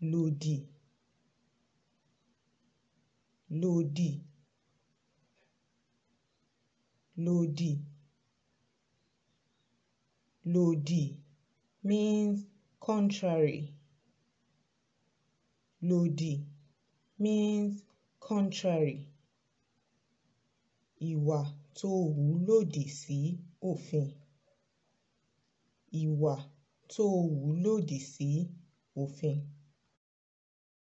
lòdì, lòdì, lòdì, lòdì means contrary. Lòdì means contrary. Ìwà tó wù lòdì sí òfin. Ìwà tó wù lòdì sí òfin.